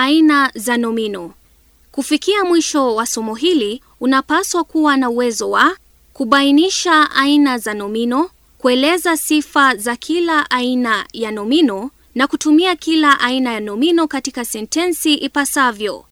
Aina za nomino. Kufikia mwisho wa somo hili, unapaswa kuwa na uwezo wa kubainisha aina za nomino, kueleza sifa za kila aina ya nomino na kutumia kila aina ya nomino katika sentensi ipasavyo.